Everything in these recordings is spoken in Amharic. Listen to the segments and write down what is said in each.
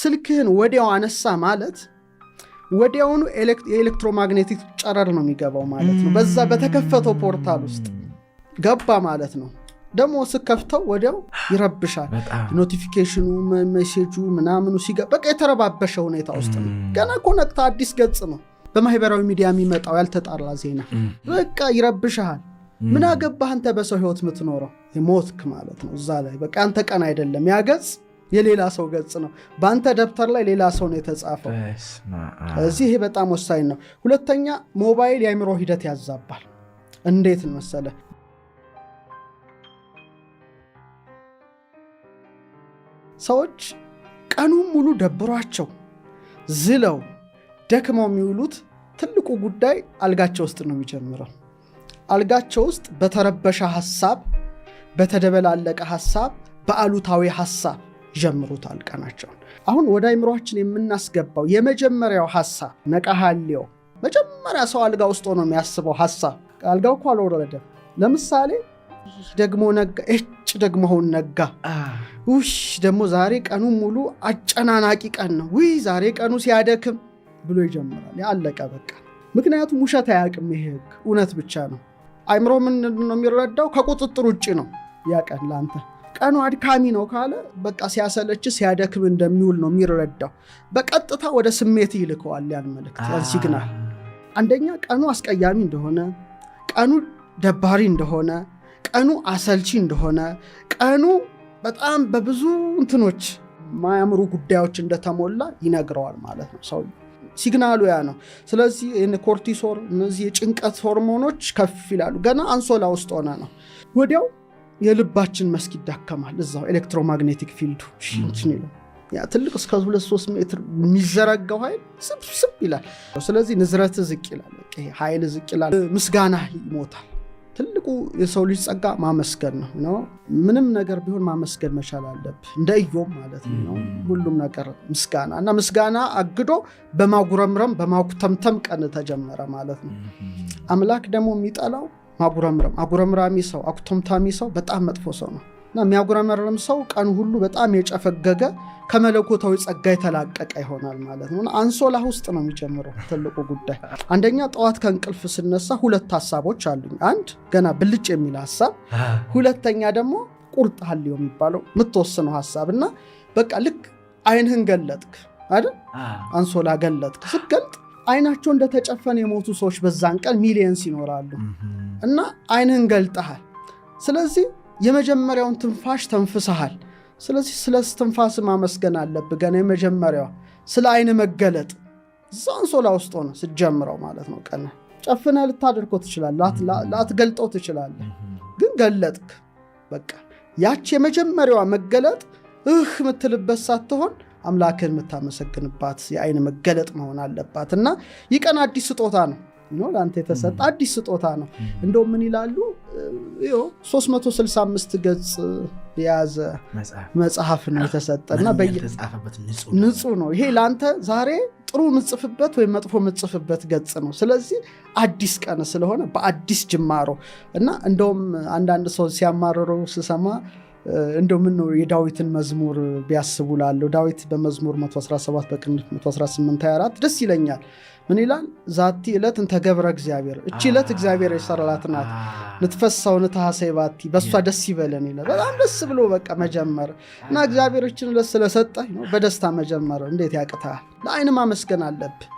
ስልክህን ወዲያው አነሳ ማለት ወዲያውኑ የኤሌክትሮማግኔቲክ ጨረር ነው የሚገባው ማለት ነው። በዛ በተከፈተው ፖርታል ውስጥ ገባ ማለት ነው። ደግሞ ስከፍተው ወዲያው ይረብሻል። ኖቲፊኬሽኑ፣ ሜሴጁ ምናምኑ ሲገባ በቃ የተረባበሸ ሁኔታ ውስጥ ነው። ገና ኮነክታ አዲስ ገጽ ነው በማህበራዊ ሚዲያ የሚመጣው ያልተጣራ ዜና በቃ ይረብሻል ምን አገባህ አንተ በሰው ህይወት የምትኖረው የሞትክ ማለት ነው። እዛ ላይ በቃ አንተ ቀን አይደለም ያገጽ የሌላ ሰው ገጽ ነው። በአንተ ደብተር ላይ ሌላ ሰው ነው የተጻፈው። እዚህ ይሄ በጣም ወሳኝ ነው። ሁለተኛ ሞባይል የአይምሮ ሂደት ያዛባል። እንዴት መሰለ ሰዎች ቀኑን ሙሉ ደብሯቸው ዝለው ደክመው የሚውሉት ትልቁ ጉዳይ አልጋቸው ውስጥ ነው የሚጀምረው። አልጋቸው ውስጥ በተረበሸ ሀሳብ፣ በተደበላለቀ ሀሳብ፣ በአሉታዊ ሀሳብ ጀምሩታል ቀናቸውን። አሁን ወደ አይምሯችን የምናስገባው የመጀመሪያው ሀሳብ ነቃ መጀመሪያ ሰው አልጋ ውስጥ ሆኖ የሚያስበው ሀሳብ አልጋው እኮ አልወረደም። ለምሳሌ ደግሞ ነጋ፣ እጭ ደግሞ አሁን ነጋ፣ ውሽ ደግሞ ዛሬ ቀኑ ሙሉ አጨናናቂ ቀን ነው፣ ውይ ዛሬ ቀኑ ሲያደክም ብሎ ይጀምራል። ያለቀ በቃ። ምክንያቱም ውሸት አያውቅም ይሄ ህግ፣ እውነት ብቻ ነው። አይምሮ ምን ነው የሚረዳው? ከቁጥጥር ውጭ ነው ያ ቀን ለአንተ ቀኑ አድካሚ ነው ካለ በቃ ሲያሰለች ሲያደክም እንደሚውል ነው የሚረዳው። በቀጥታ ወደ ስሜት ይልከዋል ያን መልእክት ያን ሲግናል። አንደኛ ቀኑ አስቀያሚ እንደሆነ፣ ቀኑ ደባሪ እንደሆነ፣ ቀኑ አሰልቺ እንደሆነ፣ ቀኑ በጣም በብዙ እንትኖች ማያምሩ ጉዳዮች እንደተሞላ ይነግረዋል ማለት ነው ሰው ሲግናሉ ያ ነው። ስለዚህ ኮርቲሶር እነዚህ የጭንቀት ሆርሞኖች ከፍ ይላሉ። ገና አንሶላ ውስጥ ሆነ ነው ወዲያው የልባችን መስክ ይዳከማል። እዛው ኤሌክትሮማግኔቲክ ፊልዱ ያ ትልቅ እስከ ሁለት ሶስት ሜትር የሚዘረጋው ኃይል ስብስብ ይላል። ስለዚህ ንዝረት ዝቅ ይላል፣ ኃይል ዝቅ ይላል፣ ምስጋና ይሞታል። ትልቁ የሰው ልጅ ጸጋ ማመስገን ነው። ምንም ነገር ቢሆን ማመስገን መቻል አለብ እንደ እዮም ማለት ነው። ሁሉም ነገር ምስጋና እና ምስጋና አግዶ በማጉረምረም በማኩተምተም ቀን ተጀመረ ማለት ነው። አምላክ ደግሞ የሚጠላው ማጉረምረም አጉረምራሚ ሰው አኩቶምታሚ ሰው በጣም መጥፎ ሰው ነው እና የሚያጉረመረም ሰው ቀን ሁሉ በጣም የጨፈገገ ከመለኮታዊ ጸጋ የተላቀቀ ይሆናል ማለት ነው። አንሶላ ውስጥ ነው የሚጀምረው ትልቁ ጉዳይ። አንደኛ ጠዋት ከእንቅልፍ ስነሳ ሁለት ሀሳቦች አሉኝ። አንድ ገና ብልጭ የሚል ሀሳብ፣ ሁለተኛ ደግሞ ቁርጥ ሀልዮ የሚባለው የምትወስነው ሀሳብ እና በቃ ልክ አይንህን ገለጥክ አይደል? አንሶላ ገለጥክ ስትገልጥ አይናቸው እንደተጨፈነ የሞቱ ሰዎች በዛን ቀን ሚሊየንስ ይኖራሉ እና አይንህን ገልጠሃል። ስለዚህ የመጀመሪያውን ትንፋሽ ተንፍሰሃል። ስለዚህ ስለ ትንፋስ ማመስገን አለብ ገና የመጀመሪያዋ ስለ አይን መገለጥ እዛን ሶላ ውስጥ ሆነ ስጀምረው ማለት ነው። ቀን ጨፍነ ልታደርጎ ትችላለህ፣ ላትገልጠው ትችላለህ። ግን ገለጥክ። በቃ ያች የመጀመሪያዋ መገለጥ እህ የምትልበት ሳትሆን አምላክን የምታመሰግንባት የአይን መገለጥ መሆን አለባት እና ይህ ቀን አዲስ ስጦታ ነው ለአንተ የተሰጠ አዲስ ስጦታ ነው። እንደ ምን ይላሉ 365 ገጽ የያዘ መጽሐፍ ነው የተሰጠና ንጹ ነው። ይሄ ለአንተ ዛሬ ጥሩ ምጽፍበት ወይም መጥፎ ምጽፍበት ገጽ ነው። ስለዚህ አዲስ ቀን ስለሆነ በአዲስ ጅማሮ እና እንደውም አንዳንድ ሰው ሲያማርሩ ስሰማ እንደው ምን ነው የዳዊትን መዝሙር ቢያስቡ ላለው ዳዊት በመዝሙር 117 በቅንፍ 118 ደስ ይለኛል። ምን ይላል? ዛቲ ዕለት እንተገብረ እግዚአብሔር፣ እቺ እለት እግዚአብሔር የሰራላት ናት፣ ንትፈሳው ንታሐሰይ ባቲ፣ በእሷ ደስ ይበለን ይለ በጣም ደስ ብሎ በቃ መጀመር እና እግዚአብሔር እችን ዕለት ስለሰጠ በደስታ መጀመር እንዴት ያቅታል? ለአይን ማመስገን አለብህ።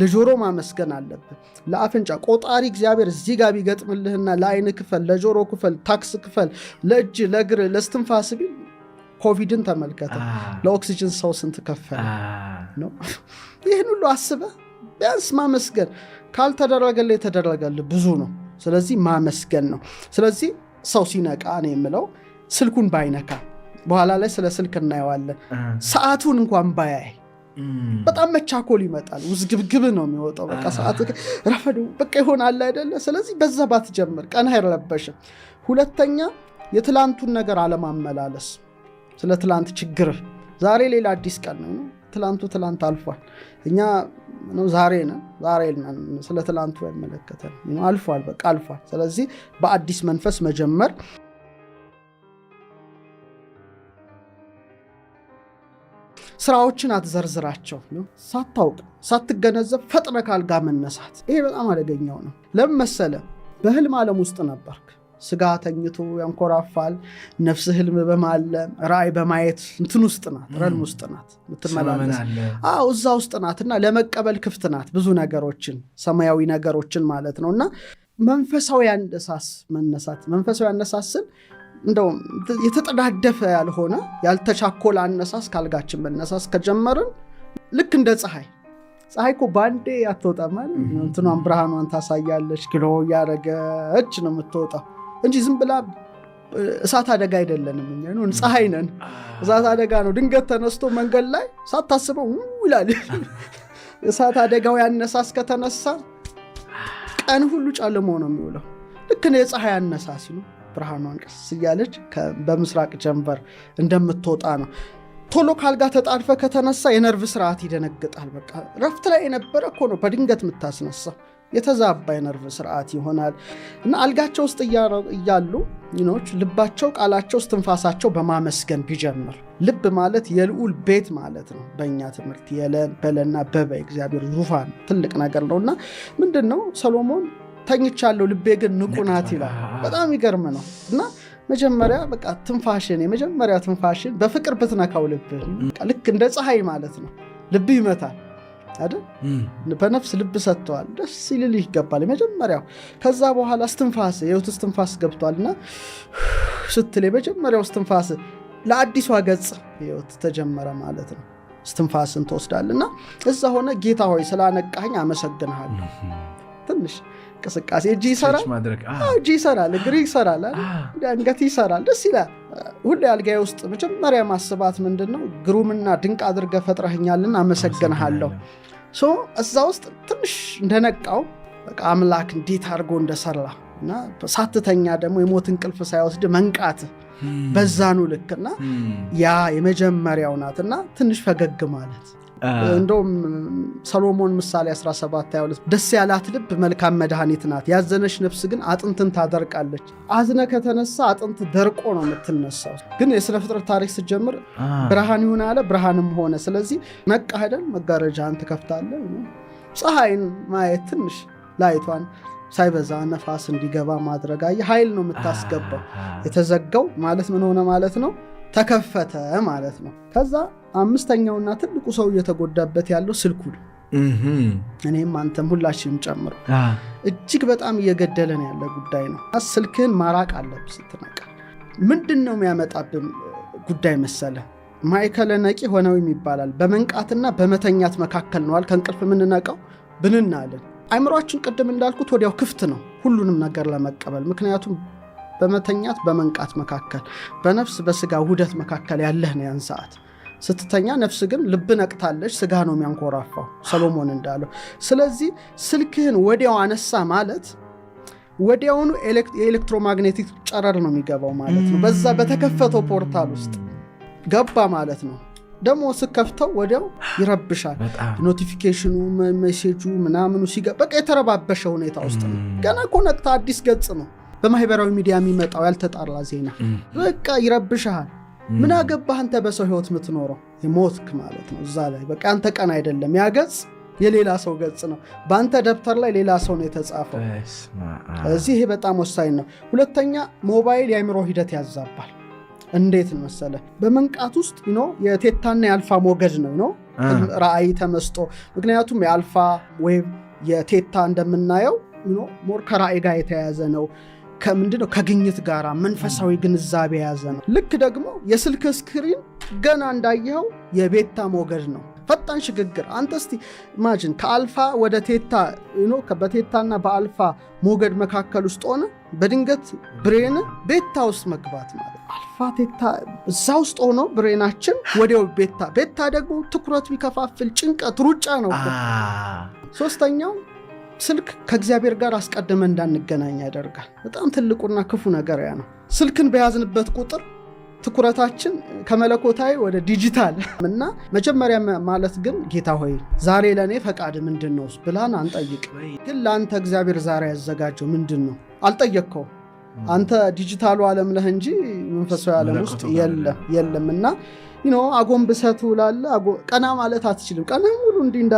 ለጆሮ ማመስገን አለብህ። ለአፍንጫ ቆጣሪ እግዚአብሔር እዚህ ጋር ቢገጥምልህና ለአይን ክፈል፣ ለጆሮ ክፈል፣ ታክስ ክፈል፣ ለእጅ ለእግር ለስትንፋስ ቢል ኮቪድን ተመልከተ፣ ለኦክሲጅን ሰው ስንት ከፈለ ነው። ይህን ሁሉ አስበ ቢያንስ ማመስገን ካልተደረገለ የተደረገል ብዙ ነው። ስለዚህ ማመስገን ነው። ስለዚህ ሰው ሲነቃ ነው የምለው ስልኩን ባይነካ፣ በኋላ ላይ ስለ ስልክ እናየዋለን። ሰዓቱን እንኳን ባያይ በጣም መቻኮል ይመጣል። ውዝግብግብ ነው የሚወጣው። በቃ ሰዓት ረፈዱ በቃ ይሆናል አይደለ? ስለዚህ በዛ ባትጀምር ቀን አይረበሽም። ሁለተኛ የትላንቱን ነገር አለማመላለስ። ስለ ትላንት ችግር። ዛሬ ሌላ አዲስ ቀን ነው። ትላንቱ ትላንት አልፏል። እኛ ነው ዛሬ ነን፣ ዛሬ ስለ ትላንቱ አይመለከተን። አልፏል፣ በቃ አልፏል። ስለዚህ በአዲስ መንፈስ መጀመር ስራዎችን አትዘርዝራቸው ሳታውቅ ሳትገነዘብ ፈጥነ ካልጋ መነሳት፣ ይሄ በጣም አደገኛው ነው። ለምን መሰለ? በህልም ዓለም ውስጥ ነበርክ። ስጋ ተኝቶ ያንኮራፋል። ነፍስ ህልም በማለም ራእይ በማየት እንትን ውስጥ ናት፣ ረልም ውስጥ ናት ምትመላለስ። አዎ እዛ ውስጥ ናት እና ለመቀበል ክፍት ናት፣ ብዙ ነገሮችን ሰማያዊ ነገሮችን ማለት ነው። እና መንፈሳዊ አነሳስ መነሳት መንፈሳዊ አነሳስን እንደው የተጠዳደፈ ያልሆነ ያልተቻኮለ አነሳስ ካልጋችን መነሳስ ከጀመርን ልክ እንደ ፀሐይ ፀሐይ እኮ በአንዴ ያትወጣማል እንትኗን ብርሃኗን ታሳያለች፣ ግሎ እያደረገች ነው የምትወጣው እንጂ ዝም ብላ እሳት አደጋ አይደለንም። እኛ ፀሐይ ነን፣ እሳት አደጋ ነው። ድንገት ተነስቶ መንገድ ላይ ሳታስበው ይላል። እሳት አደጋው ያነሳስ ከተነሳ ቀን ሁሉ ጨልሞ ነው የሚውለው። ልክ ነው የፀሐይ አነሳሲ ነው። ብርሃኗን ቀስ እያለች በምስራቅ ጀንበር እንደምትወጣ ነው። ቶሎ ካልጋ ተጣድፈ ከተነሳ የነርቭ ስርዓት ይደነግጣል። በቃ ረፍት ላይ የነበረ እኮ ነው በድንገት የምታስነሳ የተዛባ የነርቭ ስርዓት ይሆናል እና አልጋቸው ውስጥ እያሉ ኖች ልባቸው፣ ቃላቸው፣ እስትንፋሳቸው በማመስገን ቢጀምር ልብ ማለት የልዑል ቤት ማለት ነው። በእኛ ትምህርት የለ በለና በበ እግዚአብሔር ዙፋን ትልቅ ነገር ነው እና ምንድን ነው ሰሎሞን ተኝቻለሁ፣ ልቤ ግን ንቁ ናት ይላል። በጣም ይገርም ነው እና መጀመሪያ በቃ ትንፋሽን የመጀመሪያ ትንፋሽን በፍቅር ብትነካው ልብህ ልክ እንደ ፀሐይ ማለት ነው ልብ ይመታል አይደል? በነፍስ ልብ ሰጥተዋል፣ ደስ ይልልህ ይገባል የመጀመሪያው። ከዛ በኋላ እስትንፋስ የህይወት እስትንፋስ ገብቷልና ስትል የመጀመሪያው እስትንፋስ ለአዲሷ ገጽ ህይወት ተጀመረ ማለት ነው። እስትንፋስን እና እዛ ሆነ ጌታ ሆይ ስላነቃኝ አመሰግንሃለሁ ትንሽ እንቅስቃሴ እጅ ይሰራል፣ እጅ ይሰራል፣ እግር ይሰራል፣ አንገት ይሰራል። ደስ ይላል። ሁሌ አልጋዬ ውስጥ መጀመሪያ ማስባት ምንድን ነው? ግሩምና ድንቅ አድርገ ፈጥረህኛልን፣ አመሰግንሃለሁ። እዛ ውስጥ ትንሽ እንደነቃው በቃ አምላክ እንዴት አድርጎ እንደሰራ እና ሳትተኛ ደግሞ የሞት እንቅልፍ ሳይወስድ መንቃት hmm. በዛኑ ልክና hmm. ያ የመጀመሪያው ናትና ትንሽ ፈገግ ማለት እንደውም ሰሎሞን ምሳሌ 1722 ደስ ያላት ልብ መልካም መድኃኒት ናት፣ ያዘነች ነፍስ ግን አጥንትን ታደርቃለች። አዝነ ከተነሳ አጥንት ደርቆ ነው የምትነሳው። ግን የስነ ፍጥረት ታሪክ ስትጀምር ብርሃን ይሁን አለ፣ ብርሃንም ሆነ። ስለዚህ ነቃ አይደል፣ መጋረጃህን ትከፍታለህ። ፀሐይን ማየት ትንሽ ላይቷን ሳይበዛ ነፋስ እንዲገባ ማድረግ አየህ፣ ኃይል ነው የምታስገባው። የተዘጋው ማለት ምን ሆነ ማለት ነው? ተከፈተ ማለት ነው። ከዛ አምስተኛውና ትልቁ ሰው እየተጎዳበት ያለው ስልኩ ነው። እኔም አንተም ሁላችንም ጨምሮ እጅግ በጣም እየገደለን ያለ ጉዳይ ነው። ስልክህን ማራቅ አለብ ስትነቃ ምንድን ነው የሚያመጣብን ጉዳይ መሰለ ማይከለ ነቂ ሆነው ይባላል። በመንቃትና በመተኛት መካከል ነዋል ከእንቅልፍ የምንነቀው ብንናለን። አይምሯችን ቅድም እንዳልኩት ወዲያው ክፍት ነው ሁሉንም ነገር ለመቀበል ምክንያቱም በመተኛት በመንቃት መካከል በነፍስ በስጋ ውደት መካከል ያለህ ነው ያን ሰዓት ስትተኛ ነፍስ ግን ልብ ነቅታለች፣ ስጋ ነው የሚያንኮራፋው ሰሎሞን እንዳለው። ስለዚህ ስልክህን ወዲያው አነሳ ማለት ወዲያውኑ የኤሌክትሮማግኔቲክ ጨረር ነው የሚገባው ማለት ነው። በዛ በተከፈተው ፖርታል ውስጥ ገባ ማለት ነው። ደግሞ ስከፍተው ወዲያው ይረብሻል። ኖቲፊኬሽኑ፣ ሜሴጁ ምናምኑ ሲገባ በቃ የተረባበሸ ሁኔታ ውስጥ ነው። ገና ኮነክታ አዲስ ገጽ ነው በማህበራዊ ሚዲያ የሚመጣው ያልተጣራ ዜና በቃ ይረብሻል። ምን አገባህ አንተ በሰው ህይወት የምትኖረው የሞትክ ማለት ነው። እዛ ላይ በቃ አንተ ቀን አይደለም ያገጽ የሌላ ሰው ገጽ ነው። በአንተ ደብተር ላይ ሌላ ሰው ነው የተጻፈው። እዚህ ይሄ በጣም ወሳኝ ነው። ሁለተኛ ሞባይል የአይምሮ ሂደት ያዛባል። እንዴት መሰለ በመንቃት ውስጥ ኖ የቴታና የአልፋ ሞገድ ነው ነው ራአይ ተመስጦ። ምክንያቱም የአልፋ ወይም የቴታ እንደምናየው ሞር ከራእይ ጋር የተያያዘ ነው። ከምንድን ነው ከግኝት ጋር መንፈሳዊ ግንዛቤ የያዘ ነው። ልክ ደግሞ የስልክ ስክሪን ገና እንዳየኸው የቤታ ሞገድ ነው። ፈጣን ሽግግር አንተ እስቲ ኢማጂን ከአልፋ ወደ ቴታ በቴታና በአልፋ ሞገድ መካከል ውስጥ ሆነ በድንገት ብሬን ቤታ ውስጥ መግባት ማለት አልፋ ቴታ እዛ ውስጥ ሆኖ ብሬናችን ወዲያው ቤታ ቤታ ደግሞ ትኩረት ቢከፋፍል ጭንቀት፣ ሩጫ ነው። ሶስተኛው ስልክ ከእግዚአብሔር ጋር አስቀድመ እንዳንገናኝ ያደርጋል። በጣም ትልቁና ክፉ ነገር ያ ነው። ስልክን በያዝንበት ቁጥር ትኩረታችን ከመለኮታዊ ወደ ዲጂታል እና መጀመሪያ ማለት ግን ጌታ ሆይ ዛሬ ለእኔ ፈቃድ ምንድን ነው ብላን አንጠይቅ። ግን ለአንተ እግዚአብሔር ዛሬ ያዘጋጀው ምንድን ነው አልጠየቅከው። አንተ ዲጂታሉ ዓለም ለህ እንጂ መንፈሳዊ ዓለም ውስጥ የለም የለም እና ነው አጎንብሰህ ትውላለህ። ቀና ማለት አትችልም። ቀና ሙሉ እንዲህ እንዳ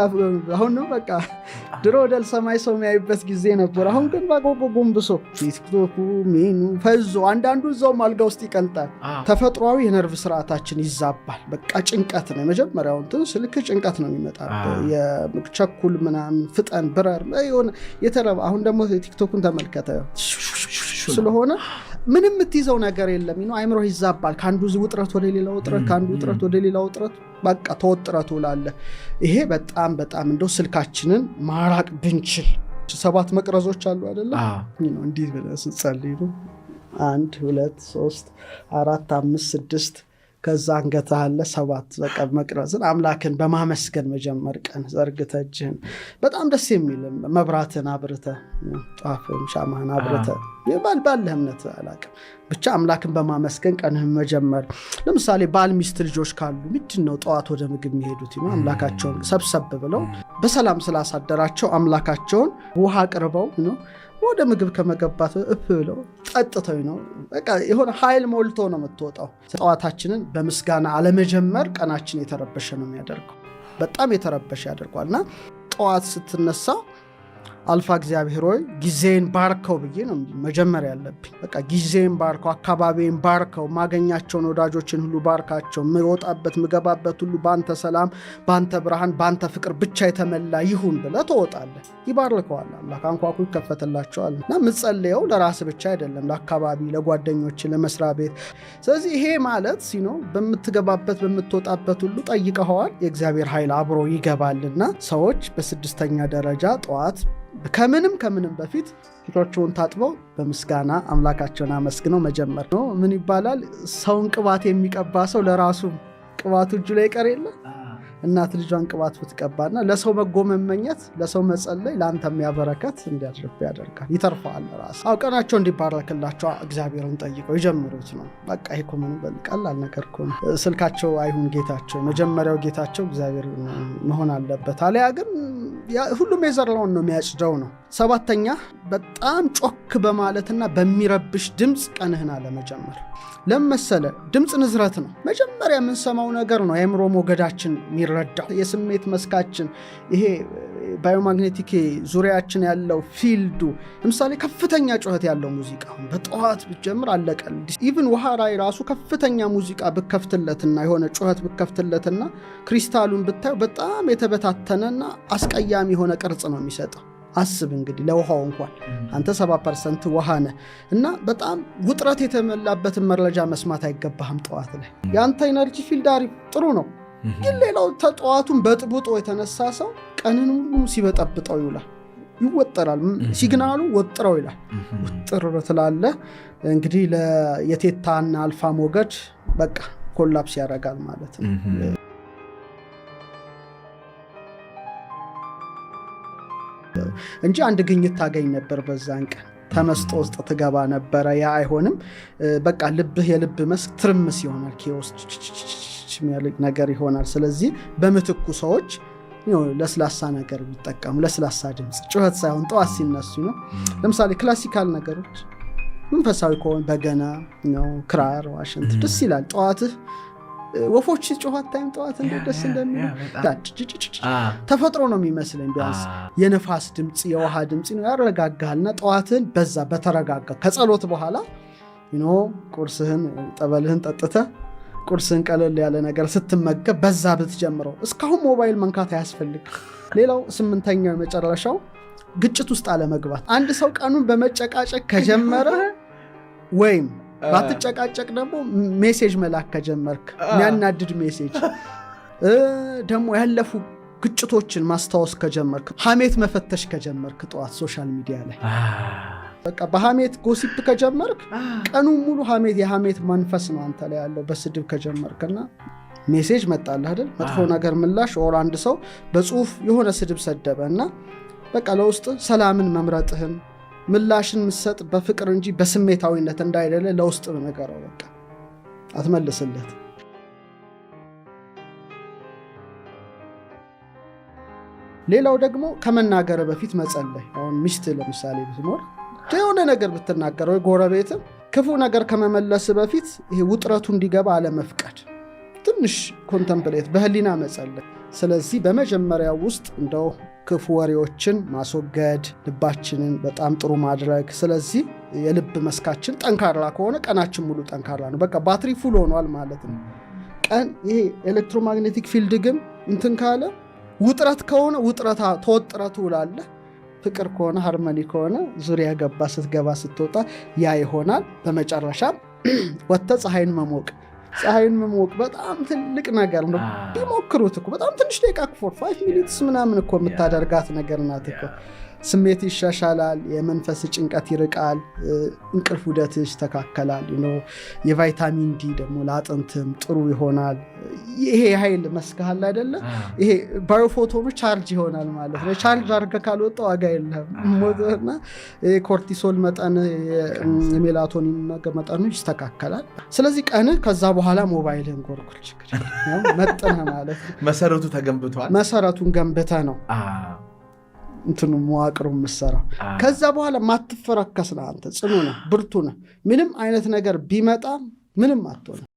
አሁን በቃ ድሮ ወደ ሰማይ ሰው የሚያዩበት ጊዜ ነበር። አሁን ግን በጎጎ ጎንብሶ ቲክቶኩ ሚኑ ፈዞ አንዳንዱ እዛውም አልጋ ውስጥ ይቀልጣል። ተፈጥሯዊ የነርቭ ስርዓታችን ይዛባል። በቃ ጭንቀት ነው የመጀመሪያው እንትን ስልክ ጭንቀት ነው የሚመጣ ቸኩል ምናምን ፍጠን ብረር ሆነ የተረባ አሁን ደግሞ ቲክቶኩን ተመልከተ ስለሆነ ምንም የምትይዘው ነገር የለም ነው። አይምሮ ይዛባል። ከአንዱ ውጥረት ወደ ሌላ ውጥረት፣ ከአንዱ ውጥረት ወደ ሌላ ውጥረት፣ በቃ ተወጥረት ትውላለህ። ይሄ በጣም በጣም እንደው ስልካችንን ማራቅ ብንችል ሰባት መቅረዞች አሉ አደለም እንዲህ ብለህ ስትጸልይ ነው አንድ ሁለት ሶስት አራት አምስት ስድስት ከዛ አንገት ሰባት በቃ መቅረዝን አምላክን በማመስገን መጀመር ቀን ዘርግተ እጅህን በጣም ደስ የሚል መብራትን አብርተ ጧፍም ሻማህን አብርተ ባለህ እምነት አላውቅም ብቻ አምላክን በማመስገን ቀንህን መጀመር። ለምሳሌ ባል ሚስት ልጆች ካሉ ምድን ነው ጠዋት ወደ ምግብ የሚሄዱት? አምላካቸውን ሰብሰብ ብለው በሰላም ስላሳደራቸው አምላካቸውን ውሃ አቅርበው ወደ ምግብ ከመገባት እፍ ብለው ጠጥተው ነው በቃ የሆነ ኃይል ሞልቶ ነው የምትወጣው። ጠዋታችንን በምስጋና አለመጀመር ቀናችን የተረበሸ ነው የሚያደርገው፣ በጣም የተረበሸ ያደርጓል እና ጠዋት ስትነሳ አልፋ እግዚአብሔር ሆይ ጊዜን ባርከው ብዬ ነው መጀመሪያ ያለብኝ። በቃ ጊዜን ባርከው፣ አካባቢን ባርከው፣ ማገኛቸውን ወዳጆችን ሁሉ ባርካቸው። ምወጣበት ምገባበት ሁሉ በአንተ ሰላም፣ በአንተ ብርሃን፣ በአንተ ፍቅር ብቻ የተመላ ይሁን ብለህ ትወጣለህ። ይባርከዋል አምላክ፣ አንኳኩ ይከፈትላቸዋል። እና የምጸልየው ለራስ ብቻ አይደለም፣ ለአካባቢ፣ ለጓደኞች፣ ለመስሪያ ቤት። ስለዚህ ይሄ ማለት ሲኖ በምትገባበት በምትወጣበት ሁሉ ጠይቀኸዋል። የእግዚአብሔር ኃይል አብሮ ይገባልና ሰዎች በስድስተኛ ደረጃ ጠዋት ከምንም ከምንም በፊት ፊቶቸውን ታጥበው በምስጋና አምላካቸውን አመስግነው መጀመር ነው። ምን ይባላል? ሰውን ቅባት የሚቀባ ሰው ለራሱ ቅባቱ እጁ ላይ ቀር የለ እናት ልጇን ቅባት ብትቀባና ለሰው መጎ መመኘት፣ ለሰው መጸለይ ለአንተ የሚያበረከት እንዲያድርብ ያደርጋል። ይተርፈዋል ራስ አውቀናቸው እንዲባረክላቸው እግዚአብሔርን ጠይቀው የጀምሩት ነው። በቃ ይሄ እኮ ነገር ስልካቸው አይሁን ጌታቸው፣ መጀመሪያው ጌታቸው እግዚአብሔር መሆን አለበት። አለያ ግን ሁሉም የዘራውን ነው የሚያጭደው ነው። ሰባተኛ በጣም ጮክ በማለትና በሚረብሽ ድምፅ ቀንህን አለመጀመር። ለምን መሰለ? ድምፅ ንዝረት ነው። መጀመሪያ የምንሰማው ነገር ነው የአእምሮ ሞገዳችን የሚረዳው የስሜት መስካችን ይሄ ባዮማግኔቲክ ዙሪያችን ያለው ፊልዱ ለምሳሌ ከፍተኛ ጩኸት ያለው ሙዚቃ አሁን በጠዋት ብጀምር አለቀል። ኢቭን ውሃ ራይ ራሱ ከፍተኛ ሙዚቃ ብከፍትለትና የሆነ ጩኸት ብከፍትለትና ክሪስታሉን ብታየው በጣም የተበታተነና አስቀያሚ የሆነ ቅርጽ ነው የሚሰጠው። አስብ እንግዲህ ለውሃው እንኳን አንተ 7 ፐርሰንት ውሃ እና በጣም ውጥረት የተሞላበትን መረጃ መስማት አይገባህም። ጠዋት ላይ የአንተ ኢነርጂ ፊልድ አሪፍ ጥሩ ነው። ግን ሌላው ተጠዋቱን በጥብጦ የተነሳ ሰው ቀንን ሁሉ ሲበጠብጠው ይውላል። ይወጠራል። ሲግናሉ ወጥረው ይላል። ውጥር ትላለ እንግዲህ የቴታና አልፋ ሞገድ በቃ ኮላፕስ ያደርጋል ማለት ነው። እንጂ አንድ ግኝት ታገኝ ነበር በዛን ቀን ተመስጦ ውስጥ ትገባ ነበረ። ያ አይሆንም። በቃ ልብህ የልብ መስክ ትርምስ ይሆናል፣ ኬዎስ ነገር ይሆናል። ስለዚህ በምትኩ ሰዎች ለስላሳ ነገር ቢጠቀሙ፣ ለስላሳ ድምፅ፣ ጩኸት ሳይሆን ጠዋት ሲነሱ ነው። ለምሳሌ ክላሲካል ነገሮች መንፈሳዊ ከሆን በገና ክራር፣ ዋሽንት ደስ ይላል ጠዋትህ ወፎች ጮኸ አታይም? ጠዋት ደስ እንደሚሉ ተፈጥሮ ነው የሚመስለኝ። ቢያንስ የነፋስ ድምፅ፣ የውሃ ድምፅ ነው ያረጋጋልና ጠዋትን በዛ በተረጋጋ ከጸሎት በኋላ ቁርስህን ጠበልህን ጠጥተ ቁርስን ቀለል ያለ ነገር ስትመገብ በዛ ብትጀምረው። እስካሁን ሞባይል መንካት አያስፈልግ። ሌላው ስምንተኛው የመጨረሻው ግጭት ውስጥ አለመግባት። አንድ ሰው ቀኑን በመጨቃጨቅ ከጀመረ ወይም ባትጨቃጨቅ ደግሞ ሜሴጅ መላክ ከጀመርክ የሚያናድድ ሜሴጅ ደግሞ ያለፉ ግጭቶችን ማስታወስ ከጀመርክ፣ ሀሜት መፈተሽ ከጀመርክ፣ ጠዋት ሶሻል ሚዲያ ላይ በቃ በሀሜት ጎሲፕ ከጀመርክ ቀኑ ሙሉ ሀሜት የሀሜት መንፈስ ነው አንተ ላይ ያለው። በስድብ ከጀመርክና ሜሴጅ መጣለ አይደል መጥፎ ነገር ምላሽ ኦር አንድ ሰው በጽሁፍ የሆነ ስድብ ሰደበ እና በቃ ለውስጥ ሰላምን መምረጥህን ምላሽን ምሰጥ በፍቅር እንጂ በስሜታዊነት እንዳይደለ ለውስጥ ነገረው በቃ አትመልስለት። ሌላው ደግሞ ከመናገር በፊት መጸለይ። አሁን ሚስት ለምሳሌ ብትኖር የሆነ ነገር ብትናገር ወይ ጎረቤትም ክፉ ነገር ከመመለስ በፊት ይሄ ውጥረቱ እንዲገባ አለመፍቀድ፣ ትንሽ ኮንተምፕሌት በህሊና መጸለይ። ስለዚህ በመጀመሪያው ውስጥ እንደው ክፉ ወሬዎችን ማስወገድ፣ ልባችንን በጣም ጥሩ ማድረግ። ስለዚህ የልብ መስካችን ጠንካራ ከሆነ ቀናችን ሙሉ ጠንካራ ነው። በቃ ባትሪ ፉል ሆኗል ማለት ነው። ቀን ይሄ ኤሌክትሮማግኔቲክ ፊልድ ግን እንትን ካለ ውጥረት ከሆነ ውጥረት ተወጥረ ትውላለህ። ፍቅር ከሆነ ሃርመኒ ከሆነ ዙሪያ ገባ ስትገባ ስትወጣ ያ ይሆናል። በመጨረሻ ወጥተህ ፀሐይን መሞቅ ፀሐይን መሞቅ በጣም ትልቅ ነገር ነው። ቢሞክሩት እኮ በጣም ትንሽ ደቂቃ ፋይቭ ሚኒትስ ምናምን እኮ የምታደርጋት ነገር ናት እኮ ስሜት ይሻሻላል፣ የመንፈስ ጭንቀት ይርቃል፣ እንቅልፍ ውደት ይስተካከላል። የቫይታሚን ዲ ደግሞ ለአጥንትም ጥሩ ይሆናል። ይሄ የኃይል መስካሃል አይደለ? ይሄ ባዮፎቶኑ ቻርጅ ይሆናል ማለት ነው። ቻርጅ አርገ ካልወጣ ዋጋ የለም ሞና ኮርቲሶል መጠን የሜላቶኒን መጠኑ ይስተካከላል። ስለዚህ ቀን ከዛ በኋላ ሞባይልን ጎርኩል ችግር መጠነ ማለት መሰረቱ ተገንብቷል። መሰረቱን ገንብተ ነው እንትኑ መዋቅሩ የምሰራ ከዛ በኋላ ማትፈረከስ ነ አንተ ጽኑ ነ ብርቱ ነ ምንም አይነት ነገር ቢመጣ ምንም አትሆነ